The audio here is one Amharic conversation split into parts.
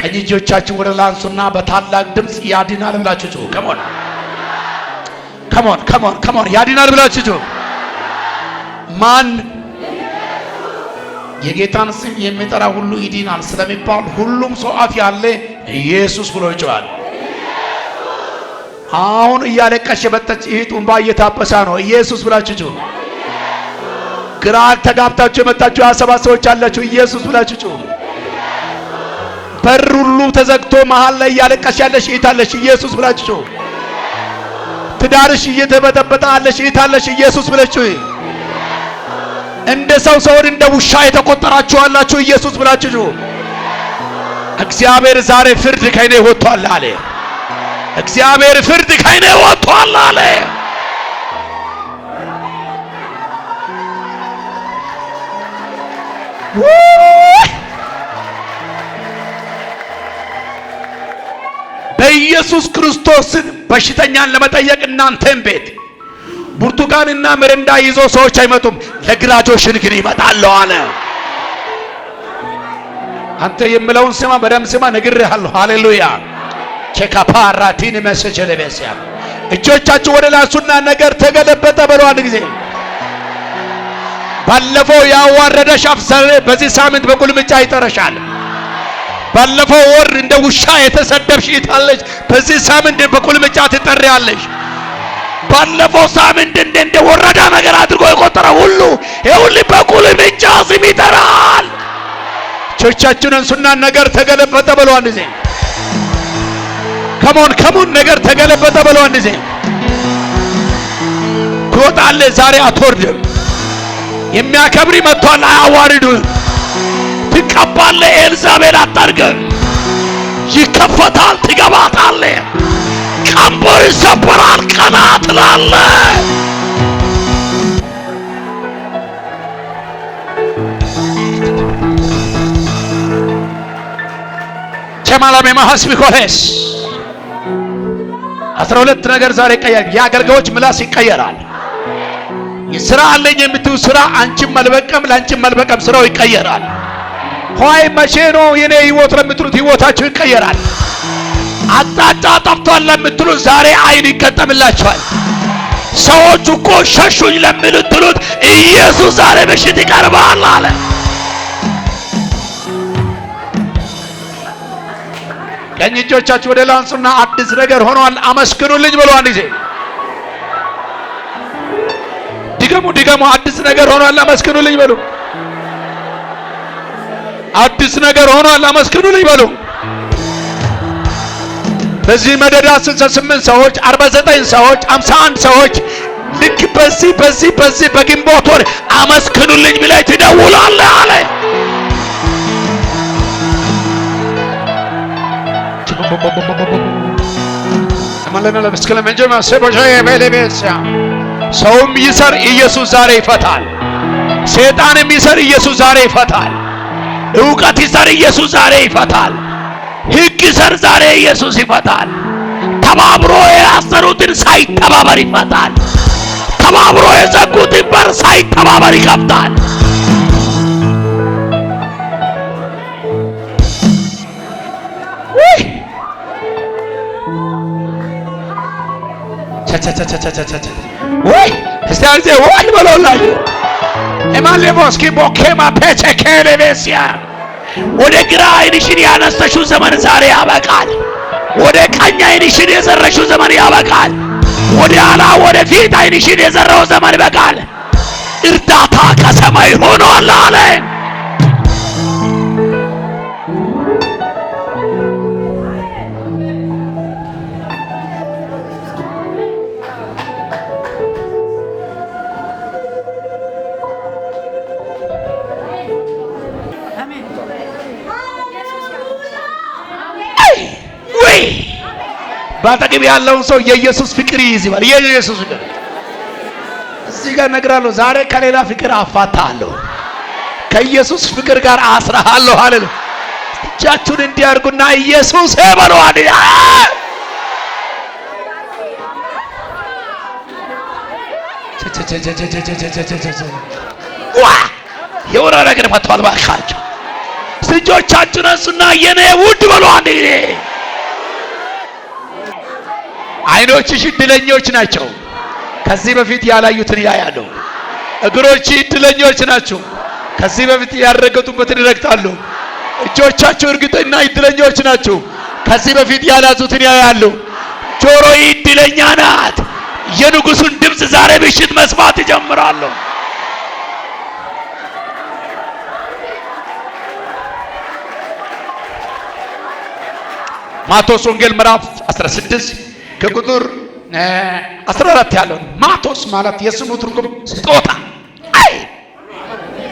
ቀኝ እጆቻችሁ ወደ ላንሱና በታላቅ ድምፅ ያድናል ብላችሁ ጩሁ። ከሞን ከሞን ከሞን ከሞን ያድናል ብላችሁ ጩሁ። ማን የጌታን ስም የሚጠራ ሁሉ ይድናል ስለሚባል ሁሉም ሰው አፍ ያለ ኢየሱስ ብሎ ይጮሃል። አሁን እያለቀሽ የመጣች እህት እንባ እየታበሳ ነው። ኢየሱስ ብላችሁ ጩሁ። ግራ ተጋብታችሁ የመጣችሁ ያሰባት ሰዎች አላችሁ። ኢየሱስ ብላችሁ ጩሁ። በር ሁሉ ተዘግቶ መሃል ላይ እያለቀሽ ያለሽ እህታለሽ ኢየሱስ ብላችሁ ትዳርሽ እየተበጠበጠ አለሽ እህታለሽ ኢየሱስ ብላችሁ እንደ ሰው ሰውን እንደ ውሻ የተቆጠራችሁ አላችሁ ኢየሱስ ብላችሁ እግዚአብሔር ዛሬ ፍርድ ከእኔ ወጥቷል አለ። እግዚአብሔር ፍርድ ከእኔ ወጥቷል አለ። Woo! ኢየሱስ ክርስቶስን በሽተኛን ለመጠየቅ እናንተን ቤት ብርቱካንና ምርንዳ ይዞ ሰዎች አይመጡም፣ ለግራጆሽን ግን ይመጣሉ አለ። አንተ የምለውን ስማ፣ በደም ስማ፣ ነግሬሃለሁ። ሃሌሉያ ቼካፓራቲን መሰጀ ለበሲያ እጆቻችሁ ወደ ላሱና ነገር ተገለበጠ በሉ አንድ ጊዜ። ባለፈው ያዋረደሽ አፍ በዚህ ሳምንት በቁልምጫ ይጠረሻል። ባለፈው ወር እንደ ውሻ የተሰደብሽ ይታለሽ፣ በዚህ ሳምንት በቁልምጫ ትጠሪያለሽ። ባለፈው ሳምንት እንደ እንደ ወረዳ ነገር አድርጎ የቆጠረ ሁሉ ይሁን በቁልምጫ ስም ይጠራል። ቸርቻችንን ሱና ነገር ተገለበጠ ብሎ አንድ ዜ ከሞን ከሞን ነገር ተገለበጠ ብሎ አንድ ዜ ትወጣለህ፣ ዛሬ አትወርድም። የሚያከብሪ መጥቷል፣ አያዋርዱም ትቀባለ። ኤልዛቤል አታርገ ይከፈታል፣ ትገባታለ። ቀንበር ይሰበራል፣ ቀና ትላለ። ቸማላሜማ ሀስቢ ኮሌስ አስራ ሁለት ነገር ዛሬ ይቀየር። የአገልጋዮች ምላስ ይቀየራል። ስራ አለኝ የምትው ስራ አንቺም መልበቀም ለአንቺም መልበቀም ስራው ይቀየራል። ሆይ መቼ ነው የኔ ህይወት ለምትሉት ህይወታችሁ ይቀየራል። አቅጣጫ ጠፍቷል ለምትሉት ዛሬ አይን ይገጠምላችኋል። ሰዎች እኮ ሸሹኝ ለምትሉት ኢየሱስ ዛሬ ምሽት ይቀርባል አለ። ቀኝ እጆቻችሁ ወደ ላንሱና አዲስ ነገር ሆኗል አመስግኑልኝ ብሎ አንድ ጊዜ ድገሙ፣ ድገሙ። አዲስ ነገር ሆኗል አመስግኑልኝ በሉ። አዲስ ነገር ሆኗል። አመስግኑ በሉ። በዚህ መደዳ 68 ሰዎች፣ 49 ሰዎች፣ 51 ሰዎች ልክ በዚህ በዚህ በዚህ በግንቦት ወር አመስግኑልኝ ብለህ ትደውላለህ አለ። ሰውም ይሰር ኢየሱስ ዛሬ ይፈታል። ሰይጣንም ይሰር ኢየሱስ ዛሬ ይፈታል። እውቀት ይሰር ኢየሱስ ዛሬ ይፈታል። ህግ ይሰር ዛሬ ኢየሱስ ይፈታል። ተባብሮ የያሰሩትን ሳይተባበር ይፈታል። ተባብሮ የዘጉትን በር ሳይተባበር ይከፍታል። ወይ እስቲ አንዜ ወይ በለውላችሁ ኤማሌቮስኪ ቦኬማ ፔቸኬሌቤስያ ወደ ግራ አይንሽን ያነሰሽው ዘመን ዛሬ ያበቃል። ወደ ቀኝ አይንሽን የዘረሽው ዘመን ያበቃል። ወደ ኋላ ወደ ፊት ዓይንሽን የዘረው ዘመን በቃል እርዳታ ከሰማይ ሆኗል አለ። ባጠገብ ያለውን ሰው የኢየሱስ ፍቅር ይይዝ ይባል። የኢየሱስ ፍቅር እዚህ ጋር እነግራለሁ። ዛሬ ከሌላ ፍቅር አፋታለሁ፣ ከኢየሱስ ፍቅር ጋር አስራሃለሁ። አለል እጃችሁን እንዲያርጉና ኢየሱስ በሉ አድያ የሆነ ነገር መጥቷል። እባካችሁ ልጆቻችሁን እሱና የኔ ውድ በሉ አንድ ጊዜ አይኖችሽ እድለኞች ናቸው። ከዚህ በፊት ያላዩትን ያያሉ። እግሮች እድለኞች ናቸው። ከዚህ በፊት ያረገጡበትን ይረግጣሉ። እጆቻቸው እርግጠኛ እድለኞች ናቸው። ከዚህ በፊት ያላዙትን ያያሉ። ጆሮ እድለኛ ናት። የንጉሱን ድምፅ ዛሬ ምሽት መስማት ይጀምራለሁ። ማቴዎስ ወንጌል ምዕራፍ 16 ከቁጥር 14 ያለው ማቶስ ማለት የስሙ ትርጉም ስጦታ። አይ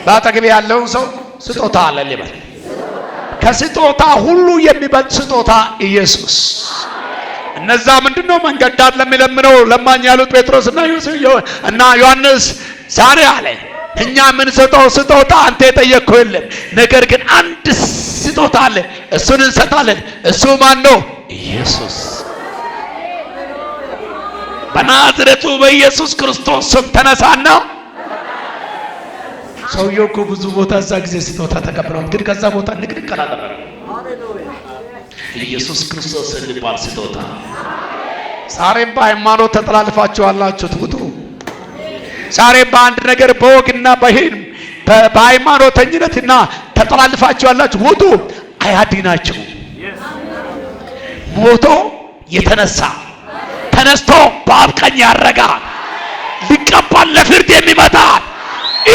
በአጠገቤ ያለውን ሰው ስጦታ አለ ሊበል። ከስጦታ ሁሉ የሚበልጥ ስጦታ ኢየሱስ። እነዛ ምንድነው መንገድ ዳር ለሚለምነው ለማኝ ያሉት ጴጥሮስና እና ዮሐንስ ዛሬ አለ እኛ የምንሰጠው ስጦታ አንተ የጠየቅከው የለም። ነገር ግን አንድ ስጦታ አለ፣ እሱን እንሰጣለን። እሱ ማን ነው? ኢየሱስ በናዝሬቱ በኢየሱስ ክርስቶስ ስም ተነሳና ሰውየው እኮ ብዙ ቦታ እዛ ጊዜ ስጦታ ተቀብለዋል፣ ግን ከዛ ቦታ ንግድ ይቀላል። ኢየሱስ ክርስቶስ የሚባል ስጦታ ዛሬም በሃይማኖት ተጠላልፋችሁ አላችሁት ውጡ። ዛሬ በአንድ ነገር በወግና በሂን በሃይማኖተኝነትና ተጠላልፋችሁ አላችሁ ውጡ። አያድናችሁ ሞቶ የተነሳ ተነስቶ በአብ ቀኝ ያረጋል፣ ሊቀባል፣ ለፍርድ የሚመጣ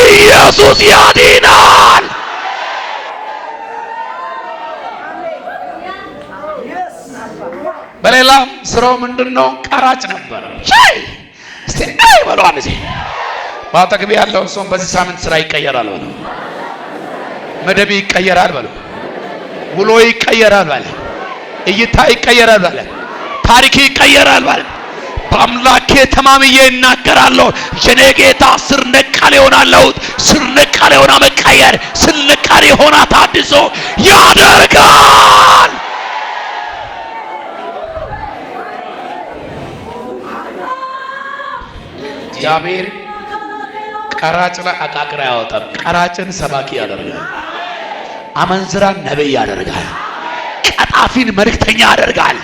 ኢየሱስ ያድናል። በሌላም ስራው ምንድነው ቀራጭ ነበር ሻይ እስቲ አይ በሏን እዚህ ባጠግቢ ያለው ሰው በዚህ ሳምንት ስራ ይቀየራል በለው፣ መደቢ ይቀየራል በለው፣ ውሎ ይቀየራል በለው፣ እይታ ይቀየራል በለው። ታሪክ ይቀየራል ማለት በአምላኬ ተማምዬ እናገራለሁ። የኔ ጌታ ስር ነቃል የሆና ለውጥ፣ ስር ነቃል የሆና መቀየር፣ ስር ነቃል የሆና ታድሶ ያደርጋል። እግዚአብሔር ቀራጭ ላይ አቃቅራ ያወጣል። ቀራጭን ሰባኪ ያደርጋል። አመንዝራን ነቢይ ያደርጋል። ቀጣፊን መልእክተኛ ያደርጋል።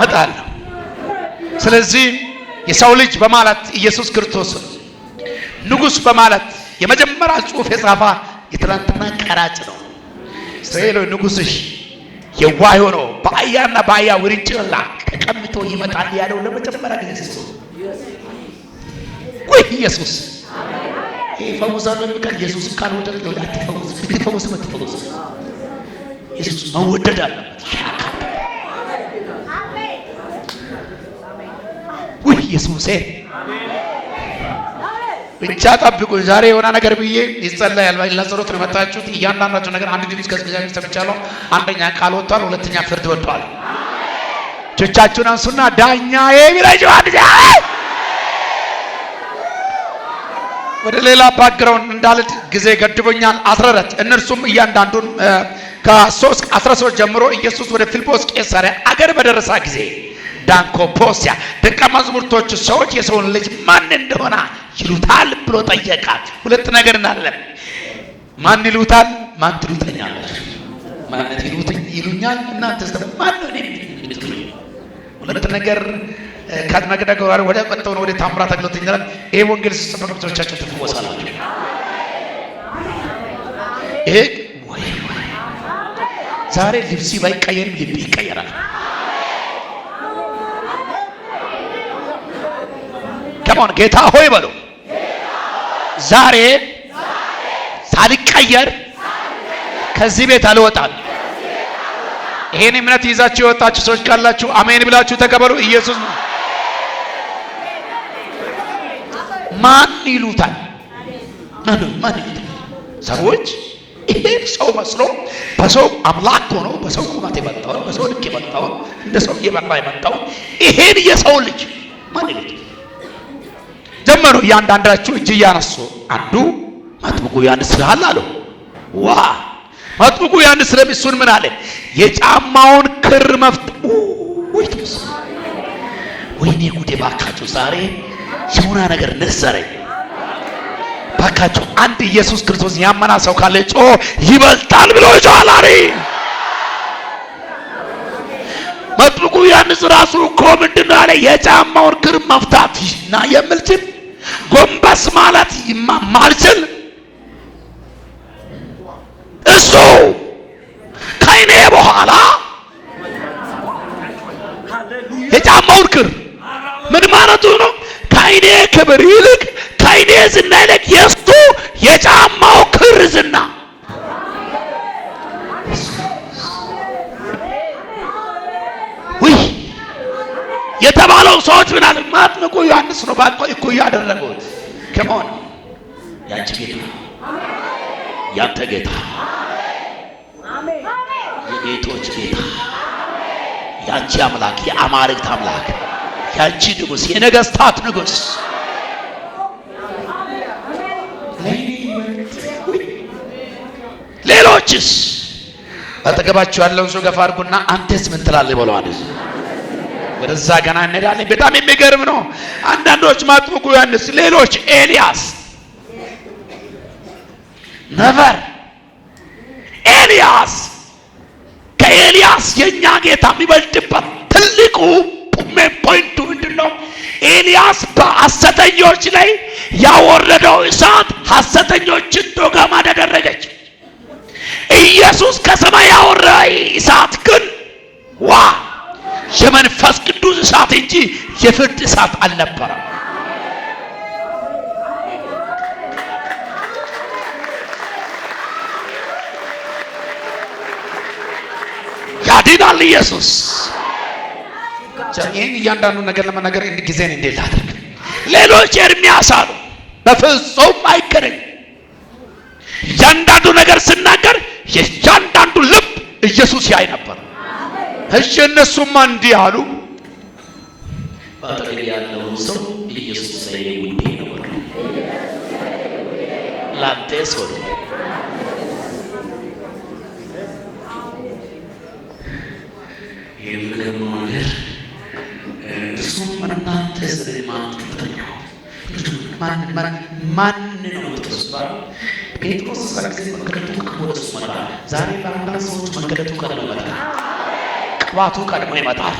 እመጣለሁ። ስለዚህ የሰው ልጅ በማለት ኢየሱስ ክርስቶስ ንጉሥ በማለት የመጀመሪያ ጽሑፍ የጻፋ የትናንትና ቀራጭ ነው። እስራኤል ንጉሥሽ የዋ ሆኖ በአያና በአያ ውርንጭላ ተቀምጦ ይመጣል ያለው ለመጀመሪያ ጊዜ ወይ ኢየሱስ ይፈውሳሉ የሚቀር ኢየሱስ ካልወደድ ነው። አትፈውስ ብትፈውስ መትፈውስ ኢየሱስ መወደድ አለበት። በኢየሱስ ብቻ ጠብቁኝ። ዛሬ የሆነ ነገር ብዬ ይጸለያል። ለጸሎት ነው እያንዳንዳቸው ነገር አንድ ከእግዚአብሔር ሰምቻለሁ። አንደኛ ቃል ወጥቷል፣ ሁለተኛ ፍርድ ወጥቷል። እጆቻችሁን አንሱና ዳኛዬ ወደ ሌላ እንዳልድ ጊዜ ገድቦኛል። አስረረት እነርሱም እያንዳንዱን ከሶስት አስራ ሶስት ጀምሮ ኢየሱስ ወደ ፊልጶስ ቄሳሪያ አገር በደረሳ ጊዜ ዳንኮፖስያ ደቀ መዛሙርቶቹ ሰዎች የሰውን ልጅ ማን እንደሆነ ይሉታል ብሎ ጠየቃት። ሁለት ነገር እናለን። ማን ይሉታል? ማን ትሉትኛል? ማለት ይሉኛል እናንተ ማን ነው የሚሉኝ? ሁለት ነገር ከመቅደቅ ጋር ወደ ነው ወደ ታምራት አገልግሎት ይኛል። ይሄ ወንጌል ሲሰበክ ብዙዎቻችሁ ትፈወሳላችሁ። ይሄ ዛሬ ልብሲ ባይቀየርም ልብ ይቀየራል። ሳይሆን ጌታ ሆይ በሉ። ዛሬ ሳልቀየር ከዚህ ቤት አልወጣም። ይሄን እምነት ይዛችሁ የወጣችሁ ሰዎች ካላችሁ አሜን ብላችሁ ተቀበሉ። ኢየሱስ ማን ይሉታል? ማን ይሉታል? ሰዎች ይሄን ሰው መስሎ በሰው አምላክ ሆኖ በሰው ቁመት የመጣው በሰው ልክ የመጣው እንደ ሰው እየመራ የመጣው ይሄን የሰው ልጅ ማን ይሉታል? ጀመሩ እያንዳንዳቸው እጅ እያነሱ አንዱ መጥምቁ ዮሐንስ ስራሃል አለው። ዋ መጥምቁ ዮሐንስ ለሚሱን ምን አለ? የጫማውን ክር መፍት ወይ ትምስ ወይኔ ጉዴ! ባካችሁ ዛሬ የሆነ ነገር ንሰረኝ ባካችሁ። አንድ ኢየሱስ ክርስቶስ ያመና ሰው ካለ ጮ ይበልጣል ብሎ ይጮሃል። አሪ መጥምቁ ዮሐንስ ራሱ እኮ ምንድነው አለ የጫማውን ክር መፍታት እና የምልችል ጎንበስ ማለት ማልችል እሱ ከእኔ በኋላ የጫማውን ክር ምን ማለቱ ነው? ከእኔ ክብር ይልቅ ከእኔ ዝና ይልቅ የእሱ የጫማው ክር ዝና የተባለው ሰዎች ምናል ማጥምቁ ዮሐንስ ነው። ባቆ እኩያ ያደረጉት ከመሆን ያንቺ ጌታ ያንተ ጌታ የጌቶች ጌታ ያንቺ አምላክ የአማልክት አምላክ ያንቺ ንጉሥ የነገስታት ንጉሥ ሌሎችስ በጠገባችሁ ያለውን ሰው ገፋ አድርጉና አንተስ ምን ትላለህ? በለዋል ወደዛ ገና እንሄዳለን። በጣም የሚገርም ነው። አንዳንዶች መጥምቁ ዮሐንስ፣ ሌሎች ኤልያስ ነበር። ኤልያስ ከኤልያስ የእኛ ጌታ የሚበልጥበት ትልቁ ሜን ፖይንቱ ምንድን ነው? ኤልያስ በሐሰተኞች ላይ ያወረደው እሳት ሐሰተኞችን ዶጋማ ተደረገች። ኢየሱስ ከሰማይ ያወረ እሳት ግን ዋ የመንፈስ እሳት እንጂ የፍርድ እሳት አልነበረም። ያድናል ኢየሱስ። ይህን እያንዳንዱ ነገር ለመናገር እንድ ጊዜን እንዴት አድርግ ሌሎች ኤርሚያስ አሉ። በፍጹም አይገረኝ። እያንዳንዱ ነገር ስናገር የእያንዳንዱ ልብ ኢየሱስ ያይ ነበር። እሺ እነሱማ እንዲህ አሉ። በአጠገብ ያለውን ሰው ኢየሱስ ለእኔ ውዴ ነው ሰው ነገር እናንተ ማን ነው ጴጥሮስ ጊዜ መንገዱ መጣ። ዛሬ ሰዎች መንገዱ ቀድሞ ይመጣል፣ ቅባቱ ቀድሞ ይመጣል።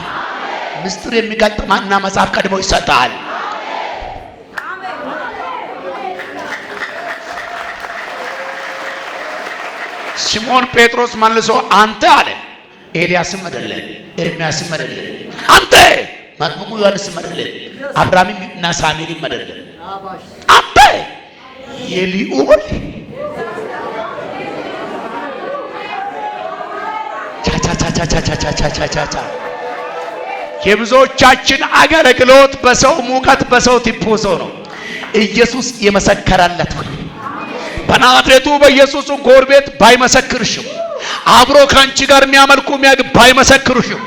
ምስጢር የሚገልጥ ማና መጽሐፍ ቀድሞ ይሰጣል። ሲሞን ጴጥሮስ መልሶ አንተ አለ፣ ኤልያስም አይደለም፣ ኤርሚያስም አይደለም፣ አንተ መጥምቁ ዮሐንስም አይደለም፣ አብርሃምም እና ሳሙኤልም አይደለም፣ አንተ የልዑል ቻቻቻቻቻቻቻቻቻ የብዙዎቻችን አገልግሎት በሰው ሙቀት በሰው ትኩሶ ነው። ኢየሱስ የመሰከረለት ሆይ በናዝሬቱ በኢየሱስ ጎር ቤት ባይመሰክርሽም አብሮ ከአንቺ ጋር የሚያመልኩ የሚያግ ባይመሰክሩሽም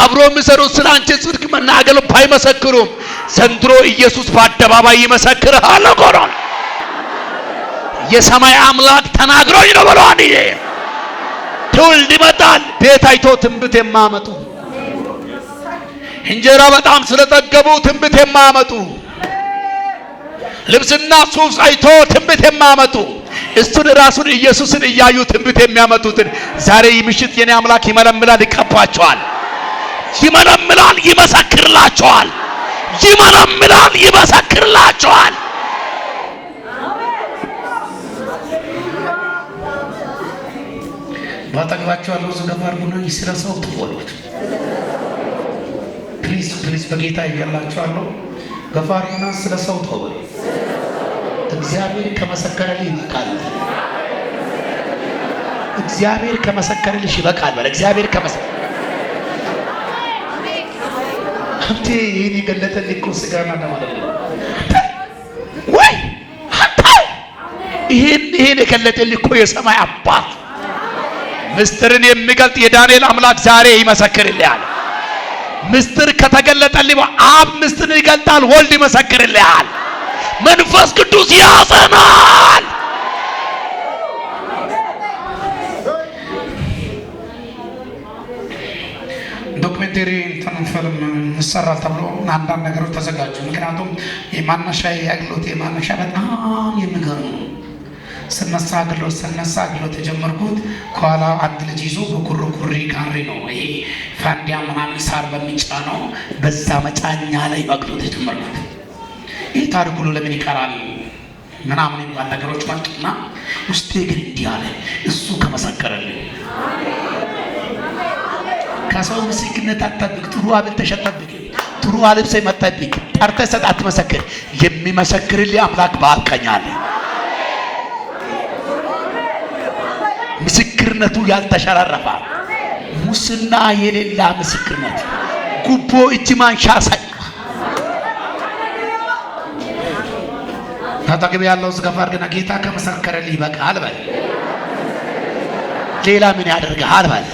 አብሮ የሚሰሩ ስለ አንቺ ጽድቅ መናገር ባይመሰክሩም ዘንድሮ ኢየሱስ በአደባባይ ይመሰክርሃል። ጎሮን የሰማይ አምላክ ተናግሮኝ ነው ብሏል። ይሄ ትውልድ ይመጣል ቤት አይቶ ትንቢት የማመጡ እንጀራ በጣም ስለጠገቡ ትንቢት የማያመጡ ልብስና ሱፍ አይቶ ትንቢት የማያመጡ እሱን ራሱን ኢየሱስን እያዩ ትንቢት የሚያመጡትን ዛሬ ምሽት የኔ አምላክ ይመለምላል፣ ይቀባቸዋል። ይመለምላል፣ ይመሰክርላቸዋል። ይመለምላል፣ ይመሰክርላቸዋል። ባጠግባቸው ያለው ዝገባር ሆነ ይስለ ሰው ፕሊዝ ፕሊዝ በጌታ ይገላችኋለሁ። ገፋሪና ስለ ሰው ተወ። እግዚአብሔር ከመሰከረልህ ይበቃል። እግዚአብሔር ከመሰከረልሽ ይበቃል በለ። እግዚአብሔር ከመሰ ሀብቴ ይህን የገለጠልኝ እኮ ስጋና ለማለት ነው ወይ ሀታ ይህን ይህን የገለጠልኝ እኮ የሰማይ አባት ምስጢርን የሚገልጥ የዳንኤል አምላክ ዛሬ ይመሰክርልሃል። ምስጢር ከተገለጠልኝ አብ ምስጢርን ይገልጣል፣ ወልድ ይመሰክርልሃል፣ መንፈስ ቅዱስ ያጸናል። ዶክመንተሪ እንትን ፊልም ይሰራል ተብሎ አንዳንድ ነገሮች ተዘጋጁ። ምክንያቱም የማናሻ ያግሎት የማናሻ በጣም የሚገርም ነው። ስነሳ ግሎት ስነሳ ግሎት ተጀመርኩት ከኋላ አንድ ልጅ ይዞ በኩርኩሪ ጋሪ ነው ይሄ ፋንዲያ ምናምን ሳር በሚጫነው በዛ መጫኛ ላይ መግሎት ተጀመርኩት። ይህ ታሪክ ሁሉ ለምን ይቀራል ምናምን የሚባል ነገሮች መጡና ውስጤ ግን እንዲህ አለ፣ እሱ ከመሰከረልኝ ከሰው ምስክርነት አትጠብቅ። ጥሩ አብል ተሸጠብቅ ጥሩ አልብሰሽ አትጠብቅ። ጠርተሽ አትመሰክር። የሚመሰክርልህ አምላክ በአካኛለህ ምስክርነቱ ያልተሸረረፈ ሙስና የሌላ ምስክርነት ጉቦ እጅ ማንሻ ሳይ ታጠገብ ያለው ዝገፋር ግን ጌታ ከመሰከረልህ ይበቃል በል። ሌላ ምን ያደርግሃል በል።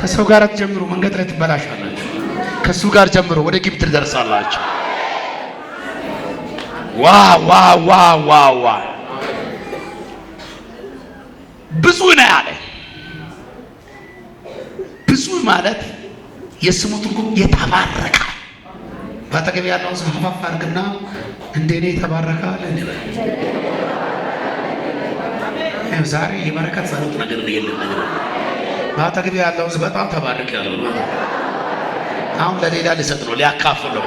ከሰው ጋር አትጀምሩ፣ መንገድ ላይ ትበላሻላችሁ። ከሱ ጋር ጀምሮ ወደ ግብ ትደርሳላችሁ። ዋ ዋ ዋ ዋ ዋ ብዙ ነው ያለ። ብዙ ማለት የስሙ ትርጉም የተባረከ። በአጠገብ ያለውን ሰው ሀፋፍ አድርግና እንደ እኔ የተባረካል። ዛሬ የበረከት ጸሎት ነገር የለም። በአጠገብ ያለውን በጣም ተባረክ ያለው አሁን ለሌላ ሊሰጥ ነው ሊያካፍል ነው።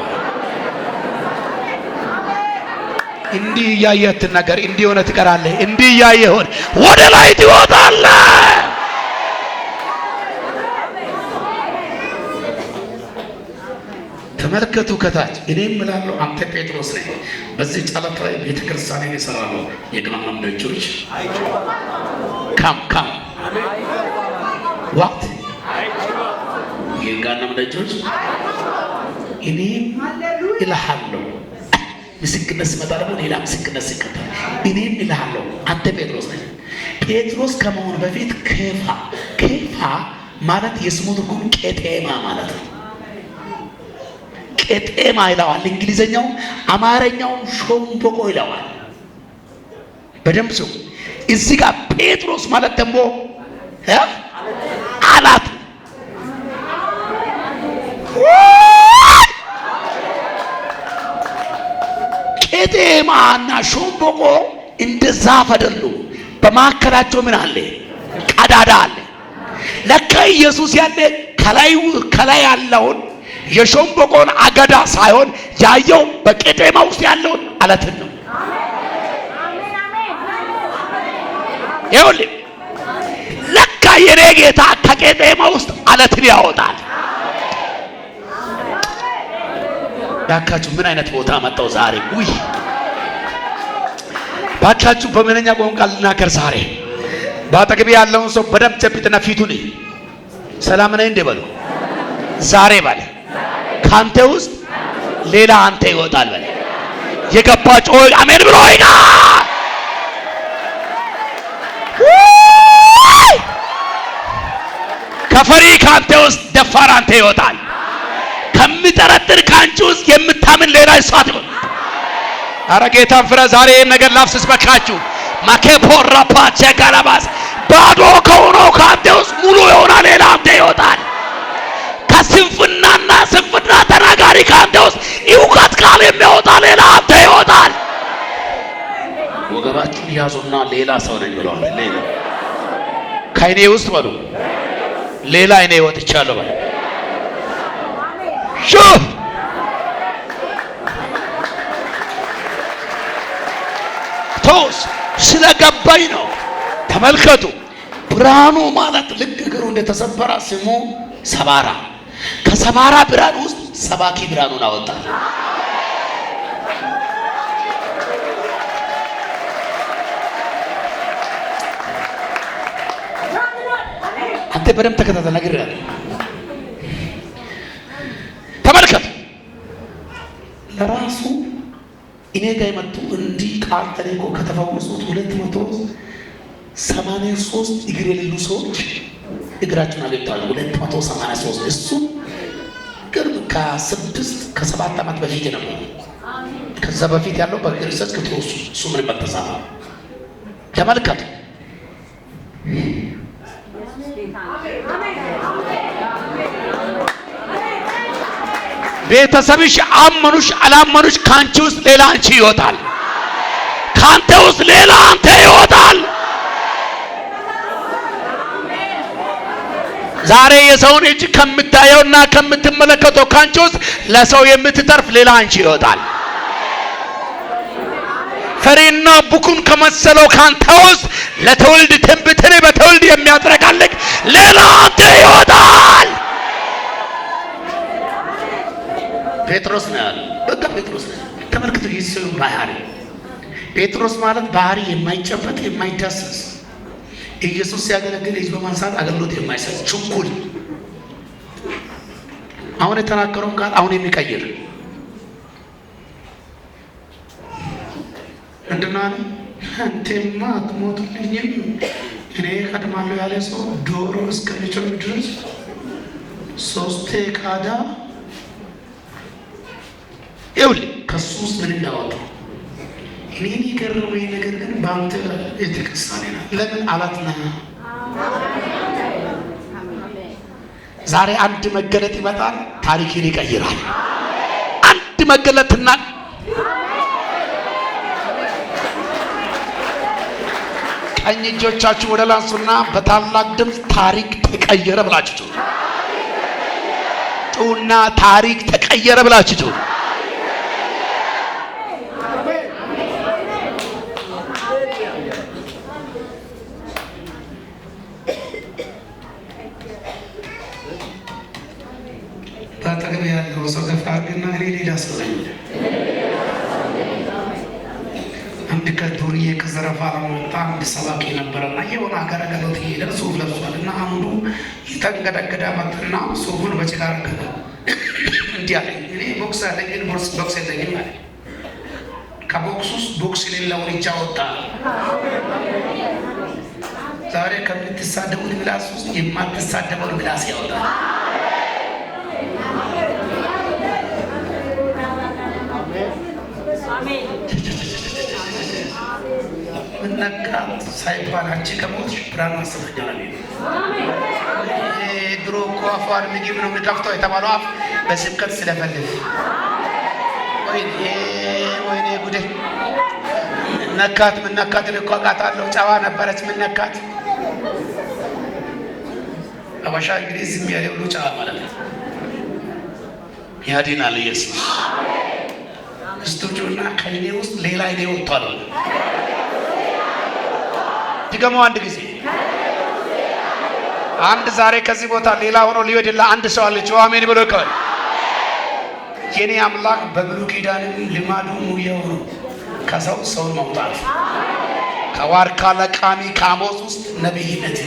እንዲህ እያየህ ትናገር። እንዲህ ሆነ ትቀራለህ። እንዲህ እያየህ ሆነ ወደ ላይ ትወጣለህ። ተመልከቱ ከታች እኔም እላለሁ አንተ ጴጥሮስ ነህ፣ በዚህ ጫለት ላይ ቤተ ክርስቲያኔን እሰራለሁ፣ የገሃነም ደጆች ካም ካም ዋት የገሃነም ደጆች እኔም እልሃለሁ ምስክርነት ሲመጣ ደግሞ ሌላ ምስክርነት ሲከተል እኔም እልሃለሁ አንተ ጴጥሮስ ነህ። ጴጥሮስ ከመሆኑ በፊት ኬፋ ኬፋ ማለት የስሙ ትርጉም ቄጤማ ማለት ነው። ቄጤማ ይለዋል እንግሊዘኛው፣ አማርኛው ሾምቦቆ ይለዋል። በደንብ ሰው እዚህ ጋር ጴጥሮስ ማለት ደግሞ አላት ቴማና ሾምቦቆ እንደ ዛፍ አይደሉም። በማዕከላቸው ምን አለ? ቀዳዳ አለ። ለካ ኢየሱስ ያለ ከላይ ከላይ ያለውን የሾምቦቆን አገዳ ሳይሆን ያየው በቄጤማ ውስጥ ያለውን አለትን ነው። ይኸውልህ ለካ የኔ ጌታ ከቄጤማ ውስጥ አለትን ያወጣል። ያካችሁ ምን አይነት ቦታ መጣው ዛሬ? ውይ ባካችሁ በመነኛ ቋንቋ ልናገር ዛሬ? በአጠገቤ ያለውን ሰው በደንብ ጨብጥና ፊቱን ሰላም ነኝ እንዴ በሉ። ዛሬ ባለ ካንተ ውስጥ ሌላ አንተ ይወጣል በለ። የገባ ጮይ አሜን ብሎ ይና ከፈሪ ካንተ ውስጥ ደፋር አንተ ይወጣል። ከምጠረጥር ካንቺ ውስጥ የምታምን ሌላ ይሷት ይወጣል። አረ ጌታን ፍረ። ዛሬ ይህን ነገር ላፍስስ በቃችሁ። ማኬፖራፓቸ ጋላባስ ባዶ ከሆነው ከአንተ ውስጥ ሙሉ የሆና ሌላ አንተ ይወጣል። ከስንፍናና ስንፍና ተናጋሪ ከአንተ ውስጥ እውቀት ቃል የሚያወጣ ሌላ አንተ ይወጣል። ወገባችሁን ያዙና ሌላ ሰው ነኝ ብለዋል። ሌላ ከእኔ ውስጥ በሉ ሌላ አይኔ ይወጥቻለሁ በሉ ክርስቶስ ስለገባኝ ነው። ተመልከቱ፣ ብርሃኑ ማለት ልክ እግሩ እንደተሰበረ ስሙ ሰባራ፣ ከሰባራ ብርሃን ውስጥ ሰባኪ ብርሃኑን አወጣ። አንተ በደንብ ተከታተል፣ ነግሬሃለሁ። ተመልከቱ ለራሱ እኔ ጋር የመጡ ቃል ኢጎ ከተፈወሱት ሁለት መቶ ሰማንያ ሶስት እግር የሌሉ ሰዎች እግራቸውን አግኝተዋል። ሁለት መቶ ሰማንያ ሶስት እሱ ቅርብ ከስድስት ከሰባት ዓመት በፊት ነው። ከዛ በፊት ያለው በግርሰት ክትወሱ እሱ ምን መተሳማ ተመልከቱ። ቤተሰብሽ አመኑሽ አላመኑሽ ከአንቺ ውስጥ ሌላ አንቺ ይወጣል። ከአንተ ውስጥ ሌላ አንተ ይወጣል። ዛሬ የሰውን እጅ ከምታየውና ከምትመለከተው ከአንቺ ውስጥ ለሰው የምትተርፍ ሌላ አንቺ ይወጣል። ፈሪና ቡኩን ከመሰለው ካንተ ውስጥ ለትውልድ ትንቢትን በትውልድ የሚያጥረቃልቅ ሌላ አንተ ይወጣል። ጴጥሮስ ነው ያለው። በቃ ጴጥሮስ ነው። ተመልክቶ ይህ ባህሪ ጴጥሮስ ማለት ባህሪ የማይጨበጥ የማይዳሰስ ኢየሱስ ሲያገለግል እጅ በማንሳት አገልግሎት የማይሰጥ ችኩል፣ አሁን የተናገረውን ቃል አሁን የሚቀይር እንድናን አንቴማ አትሞትልኝም እኔ ቀድማለሁ ያለ ሰው ዶሮ እስከሚችል ድረስ ሶስቴ ካዳ ይውል ከሱ ውስጥ ምን እንዳወጣው ምን የገረመኝ ነገር ግን በአንተ ቤተክርስቲያን ነው። ለምን አላት ነ ዛሬ አንድ መገለጥ ይመጣል፣ ታሪክን ይቀይራል። አንድ መገለጥና ቀኝ እጆቻችሁ ወደ ላንሱና በታላቅ ድምፅ ታሪክ ተቀየረ ብላችሁ ጩና ታሪክ ተቀየረ ብላችሁ በአጠገብ ያለው ሰው ገፋ አድርግና እኔ ሌላ ሰው ነኝ። አንድ ከዱርዬ ከዘረፋ ለመወጣ አንድ ሰባኪ ነበረና የሆነ ሀገር ገሎት ሄደ። ሱፍ ለብሷል እና አንዱ የተንገዳገዳ መጥና ሱፉን በጭቃ ረገጠ። እንዲህ አለኝ፣ እኔ ቦክስ አለኝ ግን ቦክስ የለኝም አለኝ። ከቦክስ ውስጥ ቦክስ የሌለውን እጅ ወጣ። ዛሬ ከምትሳደቡት ምላስ ውስጥ የማትሳደበውን ምላስ ያወጣል። ነካት ሳይባል አንቺ ከሞት ብርሃኑ አስተናገረ ድሮ እኮ አፏን ምግብ ነው የሚከፍተው የተባለው አፍ በስብከት ስለፈልፍ ወይኔ ጉዴ ነካት። ምነካት ነካት? እኮ አውቃታለሁ። ጨዋ ነበረች። ምነካት ነካት? አበሻ እንግዲህ ዝም ያለ ሁሉ ጨዋ ማለት ነው። ያድናል ኢየሱስ። እስቱጁና ከእኔ ውስጥ ሌላ እኔ ወጥቷል። ድገመው አንድ ጊዜ አንድ ዛሬ ከዚህ ቦታ ሌላ ሆኖ ሊወድላ አንድ ሰው አለች። አሜን ብሎ ይቀበል። የኔ አምላክ በብሉ ኪዳንም ልማዱ ሙያው ነው ከሰው ሰውን መውጣት ከዋርካ ለቃሚ ከአሞጽ ውስጥ ነቢይነት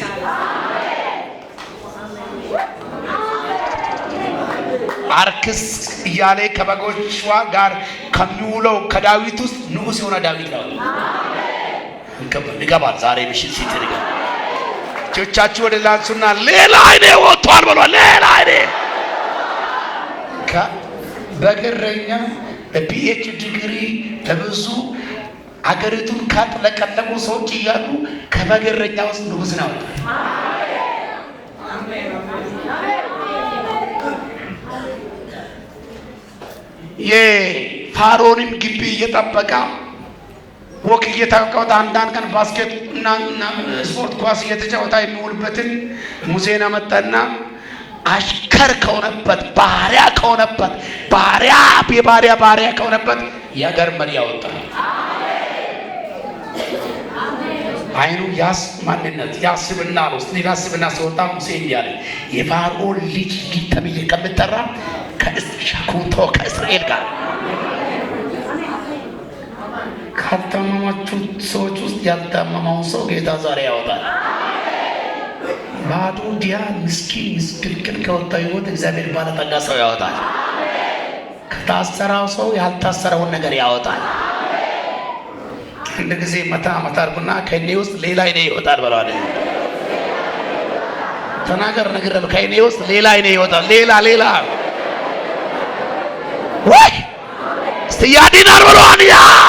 አርክስ እያለ ከበጎቿ ጋር ከሚውለው ከዳዊት ውስጥ ንጉሥ የሆነ ዳዊት ነው። ይገባል። ዛሬ ምሽት ሲት ይገባል። እጆቻችሁ ወደ ላንሱና ሌላ አይኔ ወጥቷል ብሎ ሌላ አይኔ በግረኛ በፒኤች ዲግሪ በብዙ አገሪቱን ካጥለቀለቁ ሰዎች እያሉ ከበግረኛ ውስጥ ንጉሥ ነው። የፋሮንን ግቢ እየጠበቀ ወክ እየታቀውት አንዳንድ ቀን ባስኬት እና ስፖርት ኳስ እየተጫወታ የሚውልበትን ሙሴን አመጣና አሽከር ከሆነበት ባሪያ ከሆነበት ባሪያ የባሪያ ባሪያ ከሆነበት የሀገር መሪ ያወጣ አይኑ ያስ ማንነት ያስብና ውስጥ ያስብና ሲወጣ ሙሴ እንዲያለ አለ ልጅ ተብዬ ከምጠራ ከሻኩቶ ከእስራኤል ጋር ካልታመማችሁ ሰዎች ውስጥ ያልታመመውን ሰው ጌታ ዛሬ ያወጣል። ባዶ ዲያ ምስኪን ምስክልቅል ከወጣ ህይወት እግዚአብሔር ባለጠጋ ሰው ያወጣል። ከታሰራው ሰው ያልታሰረውን ነገር ያወጣል። አንድ ጊዜ መታ መታ አድርጉና ከእኔ ውስጥ ሌላ አይኔ ይወጣል ብለዋል። ተናገር ነገር ከእኔ ውስጥ ሌላ አይኔ ይወጣል። ሌላ ሌላ ወይ ስትያዲናር ያዲናር ብለዋል